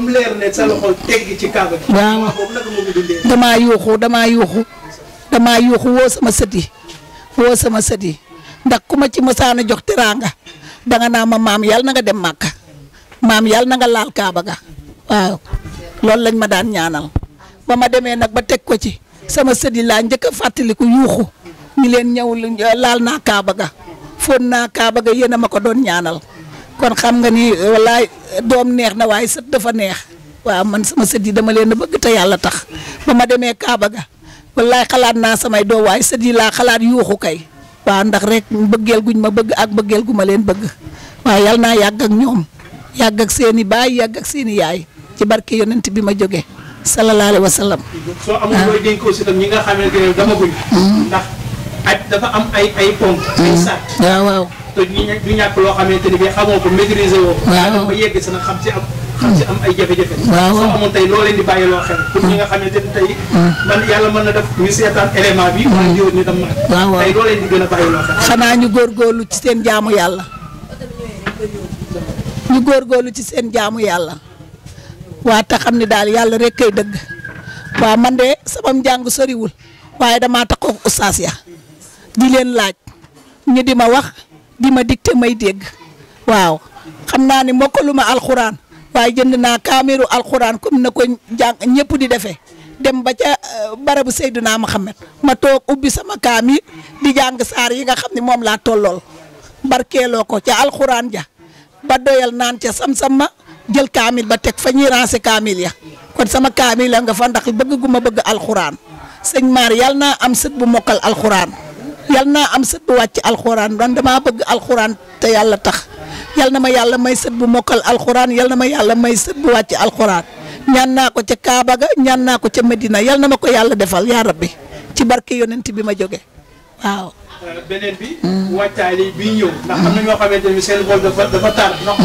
mu demee ba sa loxo teggi ci Kaaba gi. waaw boobu naka nga ko yuuxu damaa yuuxu. damaa yuuxu woo sama sët yi woo sama sët ndax ku ma ci masaana jox teraanga danga naa ma maam yàlla na nga dem Màkka. maam yàlla na nga laal kaaba ga waaw loolu lañ ma daan ñaanal ba ma demee nag ba teg ko ci sama sët yi laa njëkk a fàttaliku yuuxu ñu leen ñëw laal naa kaaba ga fóon naa kaaba ga yéen a ma ko doon ñaanal kon xam nga ni walaay doom neex na waaye sët dafa neex waaw man sama sët yi dama leen bëgg te yàlla tax ba ma demee kaaba ga walaay xalaat naa samay doom waaye sët yi laa xalaat yuuxu kay waaw ndax rek bëggeel guñ ma bëgg ak bëggeel gu ma leen bëgg waaye yàlla naa yàgg ak ñoom. yàgg ak seen i baay yàgg ak seen i yaay ci barke yonent bi ma jóge sallallahu alayhi wa sallam. soo amul looy dénk aussi tam ñi nga xamante ne damaguñ. Mm-hmm. ndax dafa am ay ay ponk. ay mm-hmm. sàrt. waaw waaw. du ñàkk loo xamante ni bi xamoo ko maîtriser woo. waaw ma yegg sa xam ci ay jafe-jafe. waaw soo amoon tey loo ñi nga xamante ni tey. Mm-hmm. man yàlla mën na def ñu seetaan élément bi. wala ni tam waaw waaw tey loo leen di gën a bàyyi loo xanaa ñu góorgóorlu ci seen jaamu yàlla. ñu góorgóorlu ci seen jaamu yalla wa te xam ne daal rek kay deug wa man de samam njàng soriwul waaye damaa taxaw oustaz ya di len laaj ñi di ma wax di ma dicté may deg waaw xamna ni ne jënd na kamiru alquran kum na ko jang ñepp di defé dem ba ca euh, barabu Seydina Muhammad ma tok ubbi sama kamir di jang sar yi nga xamni mom la tollol barkelo ko ca ja ba doyal naan ca sam-sam ma jël kaamil ba teg fa ñuy rancé kaamil ya kon sama kaamil la nga fa ndax bëgg gu bëgg alxuraan sëñ maar yal naa am sët bu mokkal alxuraan yal naa am sët bu wàcc alxuraan man bëgg alxuraan te yàlla tax yal na ma yàlla may sët bu mokkal alxuraan yal na ma yàlla may sët bu wàcc alxuraan ñaan naa ko ca Kaaba ga ñaan naa ko ca Medina yal na ma ko yàlla defal yaa bi ci barke yonent bi ma jóge waaw euh, bi wàccaay li bi yo, ndax am na ñoo xamante ni seen vol dafa dafa tar ndox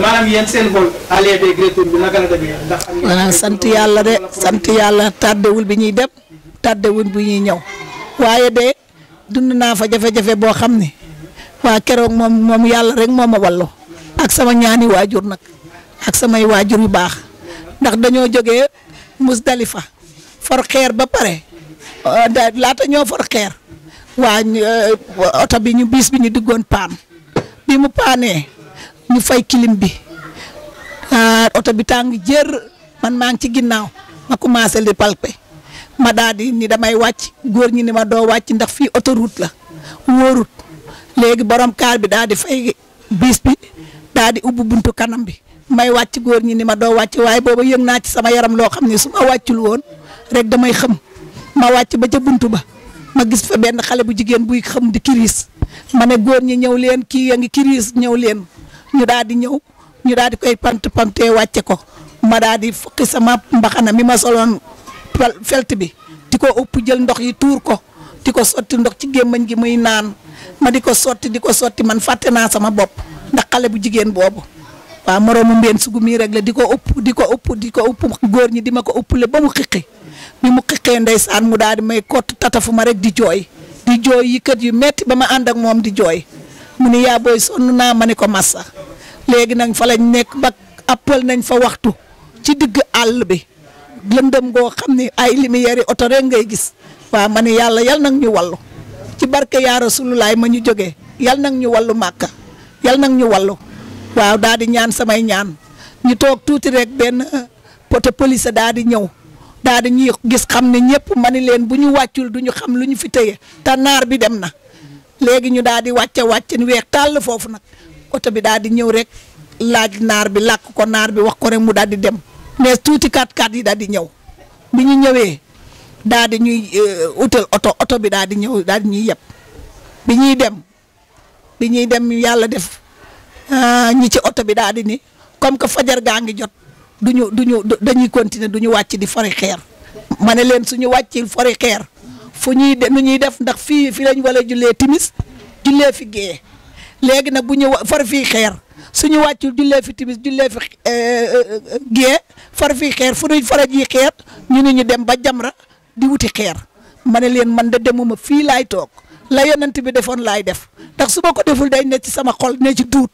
maanaam yéen seen vol aller des grétour bi naka la demee ndax maanaam sant yàlla de sant yàlla tàddewul bi ñuy dem tàddewul bi ñuy ñëw waaye de dund naa fa jafe-jafe boo xam ne waa keroog moom moom yàlla rek moo ma wallu ak sama ñaani waajur nag ak samay waajur yu baax ndax dañoo jógee Musdalifa for xeer ba pare euh, laata ñoo for xeer waa euh, euh, oto bi ñu biis bi ñu diggoon paan bi mu paanee ñu fay kilim bi ah, oto bi tàng jër man maa ngi ci ginnaaw ma commencé di palpe ma daal di ni damay wàcc góor ñi ni ma doo wàcc ndax fii autoroute la wóorut léegi borom kaar bi daal di fay bi daal di ubbi buntu kanam bi may wàcc góor ñi ni ma doo wàcc waaye booba yëg naa ci sama yaram loo xam ne su ma wàccul woon rek damay xëm ma wàcc ba ca bunt ba. ma gis fa benn xale bu jigéen buy xam di kiris ma ne góor ñi ñëw leen kii ya ngi kiriis ñëw leen ñu daal di ñëw ñu daal di koy pant pante wàcce ko ma daal di fukki sama mbaxana mi ma soloon felt bi di ko ëpp jël ndox yi tuur ko di ko sotti ndox ci gémmañ gi muy naan ma di ko sotti di ko sotti man fàtte naa sama bopp ndax xale bu jigéen boobu waaw moroomu mbeen sugu mii rek la di ko ëpp di ko ëpp di ko ëpp góor ñi di ma ko ëpple ba mu xiqi bi mu xiqee ndeysaan mu daal di may kott tatafu ma rek di jooy di jooy yi kët yu metti ba ma ànd ak moom di jooy mu ni yaa booy sonn naa ma ni ko massa léegi nag fa lañ nekk ba appal nañ fa waxtu ci digg àll bi lëndëm goo xam ne ay lumière yi oto rek ngay gis waaw ma ne yàlla yal nag ñu wallu ci barke yaa rasulullaay ma ñu jóge yal nag ñu wallu màkka yal nag ñu wallu waaw daal di ñaan samay ñaan ñu toog tuuti rekk benn euh, pote police daal di ñëw daa dañuy gis xam ne ñëpp ma ni leen bu ñu wàccul du ñu xam lu ñu fi tëye te naar bi dem na léegi ñu daal di wàcce wàcce ni weex tàll foofu nag oto bi daal di ñëw rek laaj naar bi làkk ko naar bi wax ko rek mu daal di dem mais tuuti 4 x yi daal di ñëw bi ñu ñëwee daal di ñuy euh, utal oto oto bi daal di ñëw daal ñuy yeb bi ñuy dem bi ñuy dem yàlla def euh, ñi ci oto bi daal ni comme que fajar gaa ngi jot. du ñu du ñu dañuy continuer du ñu wàcc di fori xeer ma ne leen suñu wàcc fori xeer fu ñuy de nu ñuy def ndax fii fi lañ wala jullee timis jullee fi gée léegi nag bu ñu far fii xeer suñu wàccul jullee fi timis jullee fi eh, eh, eh, gée far fii xeer fu ñuy fara ji xeer ñu ne ñu dem ba jamra di wuti xeer ma ne leen man de demuma fii laay toog la yonent bi defoon laay def ndax su ma ko deful dañ ne ci sama xol ne ci duut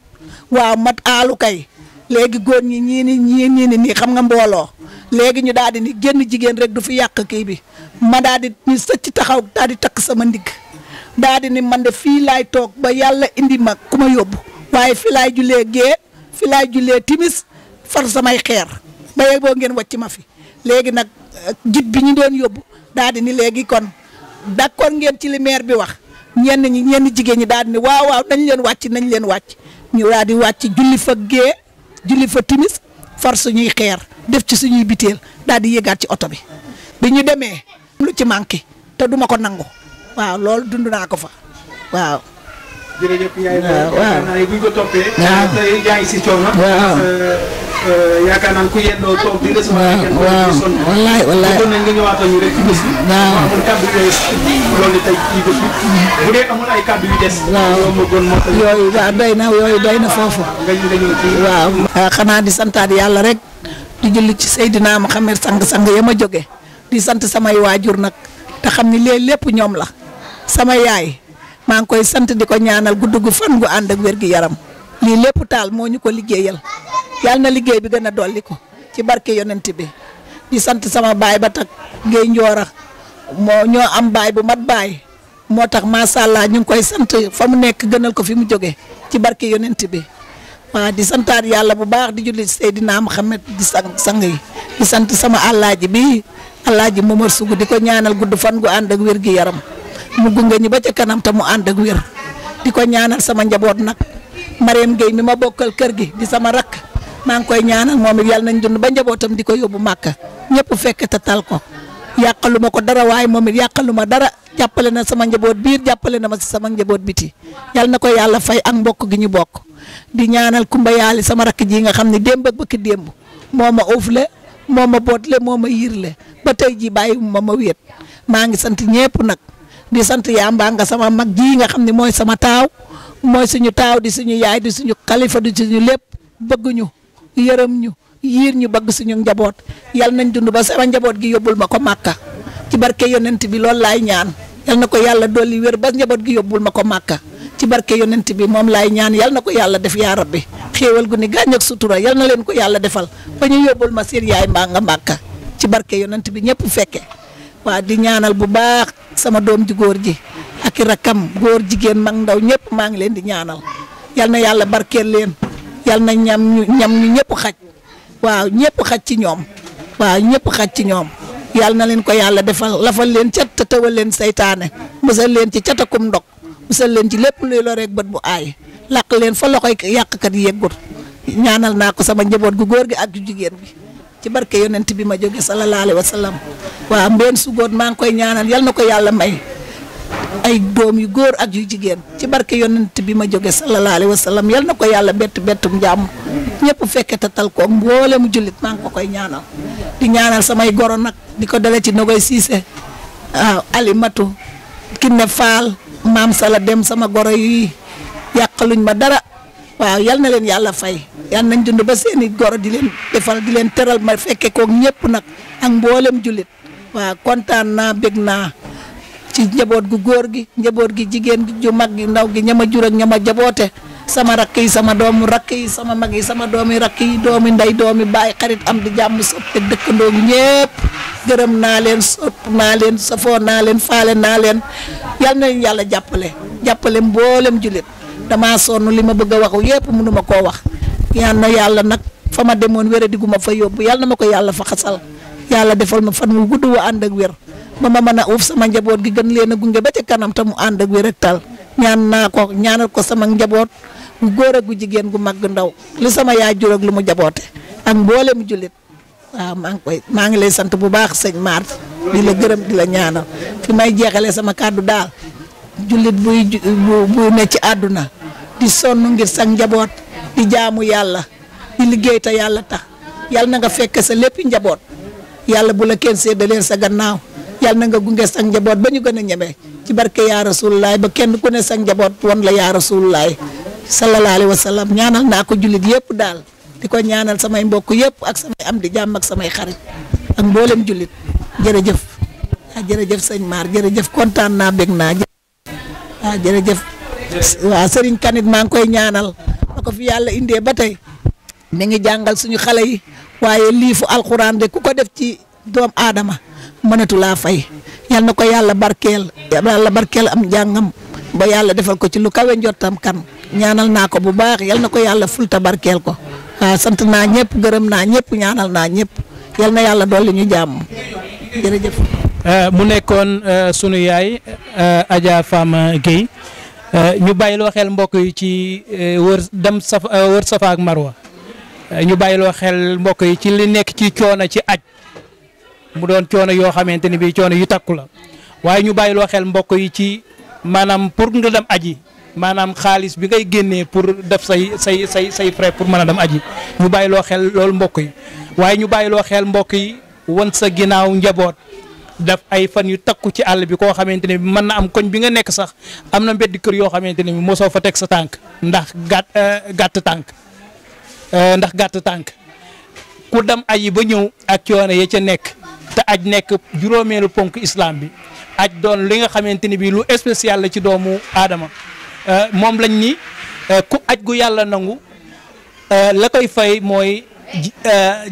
waaw mat aalu kay léegi góor ñi ñii ni ñii nii ni nii xam nga mbooloo léegi ñu daal di ni génn jigéen rek du fi yàq kii bi ma daal di ñu sëcc taxaw daal di takk sama ndigg daal ni man de fii laay toog ba yàlla indi ma ku ma yóbbu waaye fii laay julee gée fii laay julee timis far samay xeer ba yeeg ngeen wàcc ma fi léegi nag euh, jit bi ñu doon yóbbu daal ni léegi kon d'accord ngeen ci li maire bi wax ñenn ñi ñenn jigéen ñi daal di ni waaw waaw nañ leen wàcc nañ leen wàcc ñu daal di wàcc julli fa gée julli fa timis far suñuy xeer def ci suñuy biteel daal di yëgaat ci oto bi bi ñu demee lu ci manqué te duma ko nangu waaw loolu dund naa ko fa jërëjëf yaay euh, waaw waaw waaw yooyu doy na yooyu doy na foofu. waaw. Ah, xanaa di santaat yàlla rek di julli ci Seydina Muhammad sang-sang ya ma jóge di sant samay waajur nag te xam ni léegi lépp ñoom la sama yaay. mang koy sante di ñaanal gu gu fan gu and ak wér gi yaram li lepp taal mo ñu ko liggéeyal yàlla na bi gëna doli ko ci barke yonent bi di sante sama bay ba tak ngey njoora mo ño am bay bu mat bay. motax ma sha allah ñu koy sante fa mu nekk gënal ko fi mu joge ci barke yonent bi di santaat yalla bu baax di julli sayidina Muhammad di sang di sante sama alaaji bi alaaji Momar Sougou diko ñaanal gudd fan gu and ak wér gi yaram mu gungé ñu ba ca kanam ta mu and ak wër di ñaanal sama njaboot nak. Mariam gey mi ma bokkal kër gi di sama rak ya ya ma nyana koy ñaanal moom yalla nañ dund ba njabootam di yobbu makka ñepp fekk ta tal ko yàqalu ko dara way moom it dara jappalé na sama njaboot biir jappalé na ma sama njaboot biti yalla nako yalla fay ak mbokk gi ñu bokk di ñaanal kumba yaali sama rak ji nga xamni demb ak bëkk demb moma ouflé moma botlé moma yirlé moo ma yiirle ba tey ma ngi sant ñepp nak di sant yàmba nga sama mag ji nga xam ne mooy sama taaw mooy suñu taaw di suñu yaay di suñu kalifa di suñu lépp bëgg yërëm ñu yiir ñu bëgg suñu njaboot yal nañ dund ba sama njaboot gi yóbbul ma ko màkka ci barke yonent bi loolu laay ñaan yal na ko yàlla dolli wér ba njaboot gi yóbbul ma ko màkka ci barke yonent bi moom laay ñaan yal na ko yàlla def yaa bi xéewal gu ni gàññ ak sutura yal na leen ko yàlla defal ba ñu yóbbul ma seen yaay mbaa nga màkka ci barke yonent bi ñëpp fekke waa di ñaanal bu baax sama doom ji góor ji ak i rakkam góor jigéen mag ndaw ñëpp maa ngi leen di ñaanal yal na yàlla barkeel leen yal na ñam ñu ñam ñu ñëpp xaj waaw ñëpp xaj ci ñoom waaw ñëpp xaj ci ñoom yal na leen ko yàlla defal lafal leen cat te tawal leen seytaane musal leen ci catakum ndog musal leen ci lépp luy loreeg bët bu ay laq leen fa loxoy yàqkat yeggut ñaanal naa ko sama njaboot gu góor gi ak jigéen gi ci barke yonent bi ma jóge sallallahu alayhi wa sallam waaw mbeen sugoon maa ngi koy ñaanal yal na ko yàlla may ay doom yu góor ak yu jigéen ci barke yonent bi ma jóge sallallahu alayhi wa sallam yal na ko yàlla bett bettum jàmm ñëpp fekke te tal ko mboole mu jullit maa ngi ko koy ñaanal di ñaanal samay goro nag di ko dale ci Nogoy Siise waaw Alimatu Kiné Faal maam sala dem sama goro yi yàqaluñ ma dara waaw yal na leen yàlla fay yalla nañ dund ba seeni gor di leen defal di leen teral ma fekke koog ñëpp nag ak mboolem julit waaw kontaan naa bég naa ci njaboot gu góor gi njaboot gi jigéen gi ju mag gi ndaw gi ñama jur ak ñama jaboote sama rakk yi sama doomu rakk yi sama mag yi sama doomi rakk yi doomi nday doomi baay xarit am di jàmm soppe dëkkandoo gi ñëpp gërëm naa leen sopp naa leen safoo naa leen faale naa leen yal nañ yalla yàlla jàppale jàppale mboolem dama sonu lima bëgg wax waxu yépp mënuma ko wax ñaan na yàlla nak fa ma demoon di gu fa yobbu yalla mako yalla fa xassal yalla defal ma fan mu guddu wa and ak wér ba ma mën uuf sama njabot gi gën leena gungé ba ca kanam tamu and ak wér ak tal ñaan na ko ñaanal ko sama njabot gu góor ak gu jigen gu mag ndaw li sama ya jur ak lu jaboté ak mboolem julit wa maa ngi koy maa ngi lay sant bu baax señ di la gërëm di la ñaanal fi may jéxalé sama kaddu dal julit buy bu necc aduna di sonn ngir sa njaboot di jaamu yàlla di liggéey te yàlla tax yàlla na nga fekk sa lépp njaboot yàlla bu la kenn séddaleen sa gannaaw yàlla na nga gunge sa njaboot ba ñu gën a ñeme ci barke yaa rasulullaay ba kenn ku ne sa njaboot woon la yaa rasulullaay sallallahu alayhi wa sallam ñaanal naa ko jullit yëpp daal di ko ñaanal samay mbokk yëpp ak samay am di jàmm ak samay xarit ak mboolem jullit jërëjëf ah jërëjëf sëñ Mar jërëjëf kontaan naa bég naa ah, waaw Serigne Kanit maa ngi koy ñaanal na ko fi yàlla indee ba tey mi ngi jàngal suñu xale yi waaye liifu alxuraan de ku ko def ci doom aadama mënatu laa fay yal na ko yàlla barkeel yàlla am jàngam ba yàlla defal ko ci lu kawe njottam kan ñaanal naa ko bu baax yal na ko yàlla fulta barkeel ko waaw sant naa ñëpp gërëm naa ñëpp ñaanal naa ñëpp yal na yàlla dolli ñu jàmm jërëjëf. Euh, mu nekkoon euh, sunu yaay euh, Adja Fama Guèye Eh, ñu bàyyiloo xel mbokk yi ci eh, wër dem saf eh, wër safa ak marwa ñu bàyyiloo xel mbokk yi ci li nekk ci coono ci aj mu doon coono yoo xamante ni bi coono yu takku la waaye ñu bàyyiloo xel mbokk yi ci maanaam pour nga dem aji maanaam xaalis bi ngay génnee pour def say say say say frais pour mën a dem aji ñu bàyyiloo xel loolu mbokk yi waaye ñu bàyyiloo xel mbokk yi won sa ginnaaw njaboot daf ay fan yu takku ci all bi ko xamanteni bi na am koñ bi nga nek sax am na mbedd keur yoo xamanteni mo so fa tek sa tank ndax gat euh, tank euh ndax gat tank ku dam ay ba ñew ak coono ya ca nek te aj nek juromelu ponk islam bi aj doon li nga xamanteni bi lu special la ci doomu euh mom lañ ni euh, ku aj gu yalla nangu euh, la koy fay moy Eh,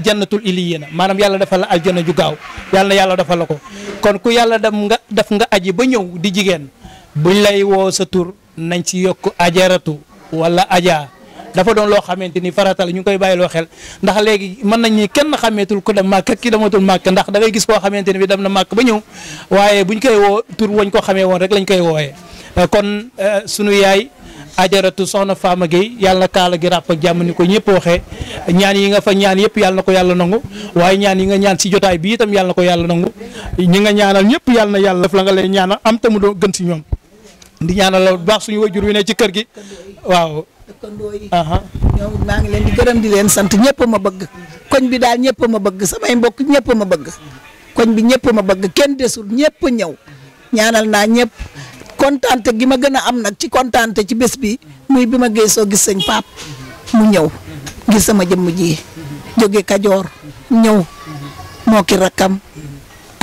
jannatul iliyina maanaam yàlla defal la aljana ju gaaw yàlla na yàlla defal la ko kon ku yàlla dem nga def nga aji ba ñëw di jigéen buñ lay woo sa tur nañ ci yokk ajaratu wala ajaa dafa doon loo xamante ni farata la ñu koy koy loo xel ndax léegi mën nañ ni kenn xàmmeetul ku dem màkk ki dematul màkk ndax da gis koo xamante ni bi dem na màkk ba ñëw waaye buñ koy wañ ko xamee woon rek lañ koy wooye kon eh, sunu yaay ajaratu soxna Fama Gueye yàlla na kaala gi ràpp ak ko ñëpp waxee ñaan yi nga fa ñaan yëpp yàlla na ko yàlla nangu waaye ñaan yi nga ñaan si jotaay bii itam yàlla ko yàlla nangu ñi nga ñaanal ñëpp yàlla yàlla def la nga lay ñaanal am tamu doon gën si ñoom di ñaanal bu baax suñu wajur wi ne ci kër gi waaw dëkkandoo yi ñoom maa ngi leen di gërëm di leen sant ñëpp ma bëgg koñ bi daal ñëpp ma bëgg samay mbokk ñëpp ma bëgg koñ bi ñëpp ma bëgg kenn desul ñëpp ñëw ñaanal naa ñëpp kontaante gi ma gën a am na ci kontaante ci bés bi muy bi ma geesoo gis sëñ Pape mu ñëw ngir sama jëmm ji jóge Kajoor ñëw moo ki rakkam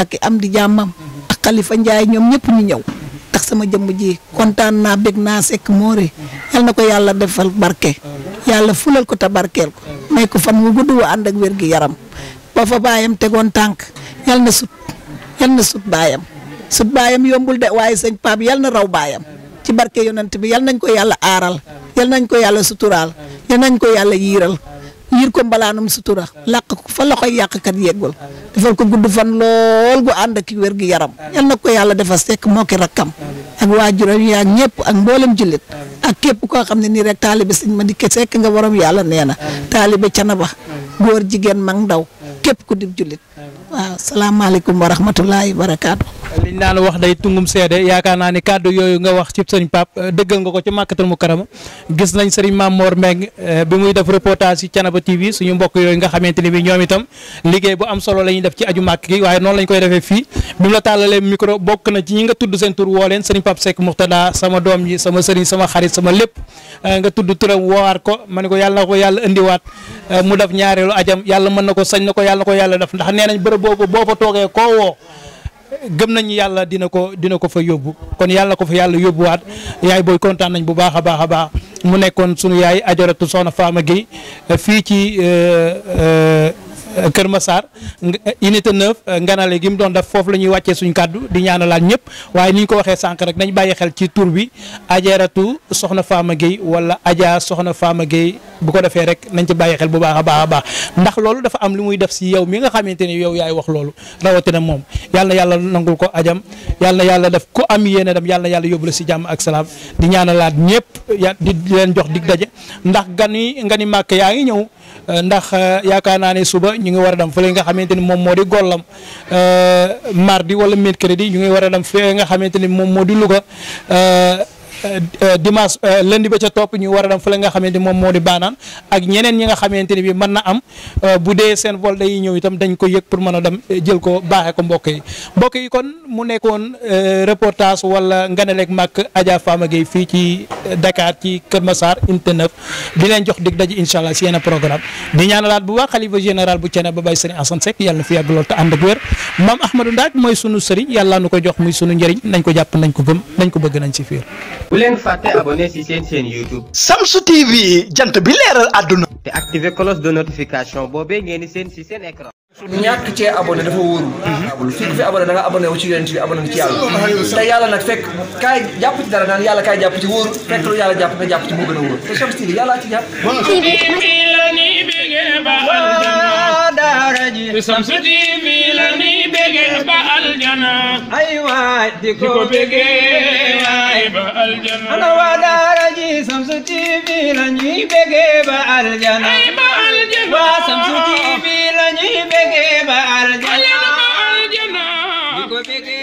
ak am di jàmmam ak Khalifa Ndiaye ñoom ñëpp ñu ñëw tax sama jëmm ji kontaan naa bég naa sekk moore yal na ko yàlla defal barke yàlla fulal ko te barkeel ko may fan wu gudd wu ànd ak wér gi yaram ba baayam tegoon tànk yal na sut yal baayam sut baayam yombul de waaye sëñ Pape yal na raw baayam ci barke yonent bi yal nañ ko yàlla aaral yal nañ ko yàlla suturaal yal nañ ko yàlla yiiral yiir ko mbalaanum sutura làq ko fa loxoy yàqkat yeggul defal ko gudd fan lool gu ànd ak wér gu yaram yal na ko yàlla defal sekk moo ki rakkam ak waajuram yaa ñëpp ak mboolem jullit ak képp koo xam ne nii rek taalibe sëñ ma di ke sekk nga borom yàlla nee na taalibe canaba góor jigéen mag ndaw képp ku dib jullit salaamaaleykum wa rahmatulahi wa barakaatu liñ daan wax day tungum sédé yaakaar naa ni kàddu yoyu nga wax ci serigne Pap euh, dëggal nga ko ci màkkatal mu karama gis nañ serigne mam Mor meng euh, bi muy def reportage ci chanaba TV suñu mbokk yoyu nga xamanteni bi ñoom itam liggéey bu am solo la def ci aju màkk gi waaye noonu lañ koy defee fi bi mu la talalé micro bok na ci nga tuddu sen tour wo len serigne Pap sek Muxtada sama dom ji sama serigne sama xarit sama lepp euh, nga tudd turam woowaat ko ma ne ko yalla ko mu def ñaarelu ajam yalla mën nako sañ nako ko ko yalla def ndax nenañ bëre bërëb fa gëm nañ yàlla dina ko dina ko fa yóbbu kon yàlla ko fa yàlla yóbbuwaat yaay booy kontaan nañ bu baax a baax a baax mu nekkoon sunu yaay ajaratu soxna Fama Gueye fii ci euh, euh, Euh, Kër Massar euh, unité 9 euh, nganale gi mu doon def foofu la ñuy wàccee suñu kàddu di ñaanalaat ñëpp waaye ni ko waxee sànq rek bàyyi xel ci tur bi ajaratu soxna Fama Gueye wala Adja soxna Fama Gueye bu ko defee rek nañ ci bàyyi xel bu baax a baax a baax ndax loolu dafa am lu def si yow mi nga xamante ni yow yaay wax loolu rawatina moom yal na yàlla nangul ko ajam yal yàlla def ku am yéene dem yal yàlla yóbbu la si jàmm ak salaam di ñaanalaat ñëpp di leen jox dig daje ndax gan yi nga ni màkk yaa ngi ñëw Euh, ndax euh, yaakaar naa ne suba ñu ngi war a dem fële nga xamante ni moom moo di gollam euh, mardi wala mercredi ñu ngi war a dem nga xamante ni moom moo di Louga Eh, eh, dimanche eh, lundi ba ca top ñu wara a fa la nga xamanteni mom modi di ak ñeneen ñi nga xamanteni bi mëna am bu dé sen vol day ñëw itam dañ ko yek pour mëna dam dem jël ko baaxé ko mbokk yi mbokk yi kon mu nekkoon reportage wala nganaleeg mak Adja Fama gay fi ci Dakar ci keur Massar inte neuf di len jox dig daj inshallah allah ene programme di ñaanalat bu wa khalifa general bu cene ba bay Serigne Assane sek yalla fi yàgg lool te ànd ak wér mam Ahmadou ndak moy sunu serigne yalla nuko ko jox muy sunu njëriñ nañ ko japp nañ ko gëm nañ ko bëgg nañ ci fiir bu leen fàtte abonné ci seen seen YouTube. Samsu TV jant bi leeral àdduna. te activé cloche de notification boobee ngeen di seen ci seen écran. ñàkk cee abonné dafa wóorul. Mhm. fekk ci yonent bi abonné ci yàlla. te yàlla nag fekk kaay jàpp ci dara naan yàlla kaay jàpp ci wóor. fekk lu yàlla jàpp nga jàpp ci moo gën wóor bége ba aljana daara ji Shamsu TV la ni bége ba aljana ay waay di ko bége waay ba aljana ana waa daara ji Shamsu TV la ni bége ba aljana ay ba aljana waa Shamsu TV la ni bége ba aljana di ko bége